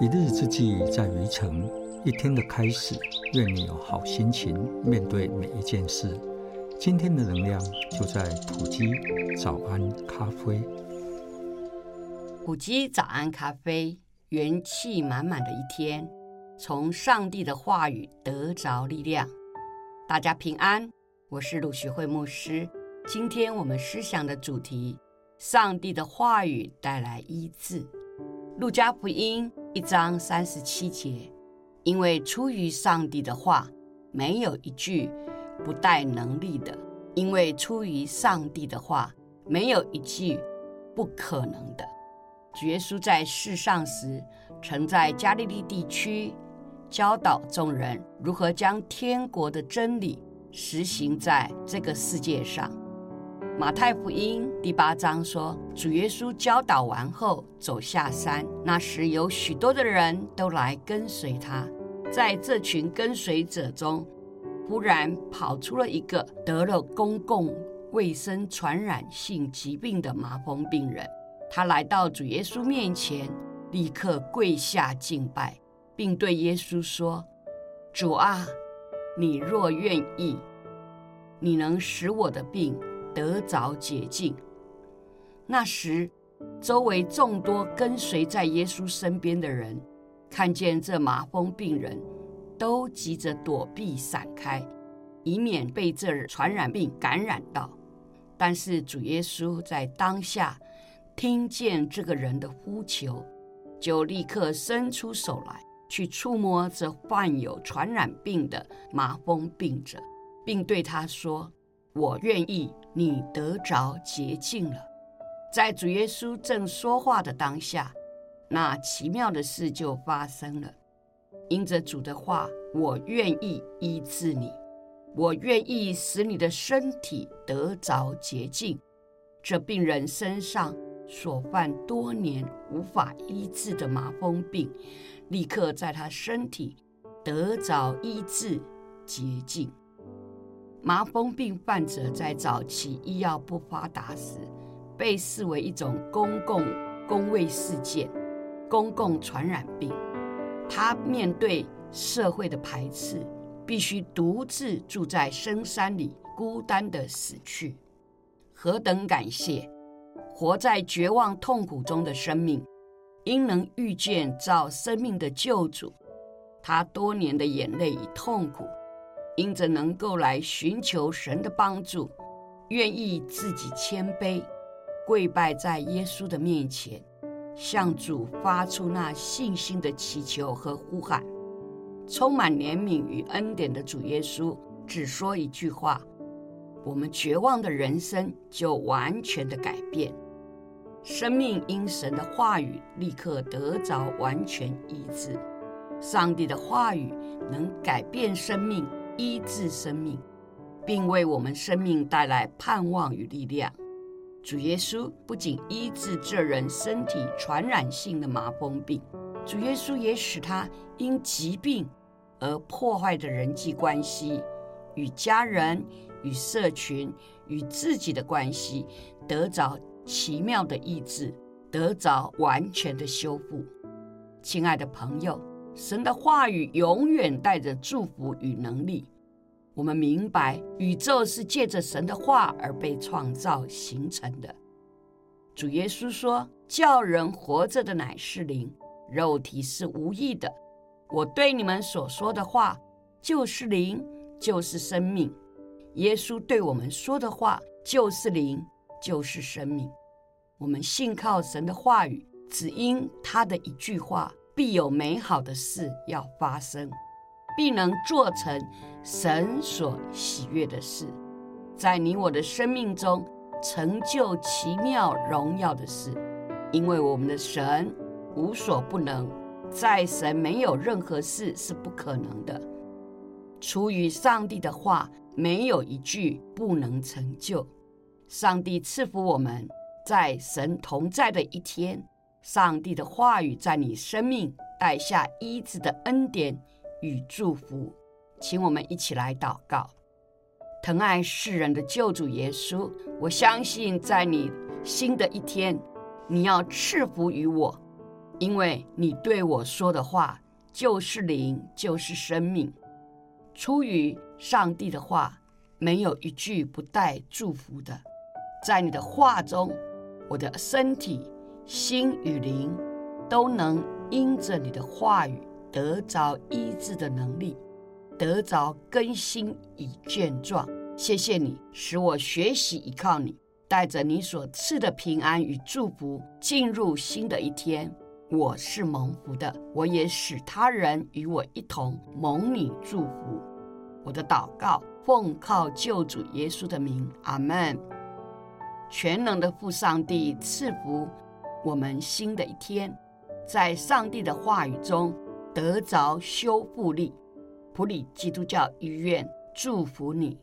一日之計在於晨，一天的開始，願你有好心情面對每一件事。今天的能量就在“埔基早安咖啡”。埔基早安咖啡，元氣滿滿的一天，從上帝的話語得着力量。大家平安，我是魯學蕙牧師。今天我們思想的主題。上帝的話語帶來醫治，《路加福音》一章三十七節，因為出於上帝的話，沒有一句不帶能力的；因為出於上帝的話，沒有一句不可能的。耶穌在世上時，曾在加利利地區教導眾人如何將天國的真理實行在這個世界上。馬太福音第八章說，主耶穌教導完後走下山，那時有許多的人都來跟隨他。在這群跟隨者中，忽然跑出了一個得了公共衛生傳染性疾病的麻風病人，他來到主耶穌面前，立刻跪下敬拜，並對耶穌說：“主啊，你若願意，你能使我的病。”得着潔淨。那時，周圍眾多跟隨在耶穌身邊的人，看見這麻風病人，都急着躲避閃開，以免被這傳染病感染到。但是主耶穌在當下聽見這個人的呼求，就立刻伸出手來，去觸摸這患有傳染病的麻風病者，並對他說：“我願意。”你得着潔淨了。在主耶穌正說話的當下，那奇妙的事就發生了。因着主的話，我願意醫治你，我願意使你的身體得着潔淨。這病人身上所犯多年無法醫治的麻風病，立刻在他身體得着醫治潔淨。麻風病患者在早期醫藥不發達時，被視為一種公共公衛事件，公共傳染病。他面對社會的排斥，必須獨自住在深山裡，孤單的死去。何等感謝！活在絕望痛苦中的生命，應能遇見造生命的救主。他多年的眼淚與痛苦。因着能夠來尋求神的幫助，願意自己謙卑，跪拜在耶穌的面前，向主發出那信心的祈求和呼喊。充滿憐憫與恩典的主耶穌只說一句話，我們絕望的人生就完全的改變，生命因神的話語立刻得着完全醫治，上帝的話語能改變生命。醫治生命，並為我們生命帶來盼望與力量。主耶穌不僅醫治這人身體傳染性的麻風病，主耶穌也使他因疾病而破壞的人際關係與家人、與社群、與自己的關係得着奇妙的醫治，得着完全的修復。親愛的朋友，神的話語永遠帶着祝福與能力。我們明白，宇宙是借着神的話而被創造形成的。主耶穌說：“叫人活着的乃是靈，肉體是無益的。我對你們所說的話就是靈，就是生命。”耶穌對我們說的話就是靈，就是生命。我們信靠神的話語，只因他的一句話，必有美好的事要發生。必能做成神所喜悅的事，在你我的生命中成就奇妙榮耀的事，因為我們的神無所不能，在神沒有任何事是不可能的。出於上帝的話，沒有一句不能成就。上帝賜福我們，在神同在的一天，上帝的話語在你生命帶下醫治的恩典，與祝福，請我們一起來禱告。疼愛世人的救主耶穌，我相信在你新的一天，你要賜福於我，因為你對我說的話就是靈，就是生命。出於上帝的話，沒有一句不帶祝福的。在你的話中，我的身體、心與靈都能因着你的話語。得着醫治的能力，得着更新與健壯。謝謝你，使我學習依靠你，帶着你所賜的平安與祝福進入新的一天。我是蒙福的，我也使他人與我一同蒙你祝福。我的禱告，奉靠救主耶穌的名，阿門。全能的父上帝賜福我們新的一天，在上帝的話語中。得着修復力，埔里基督教醫院祝福你。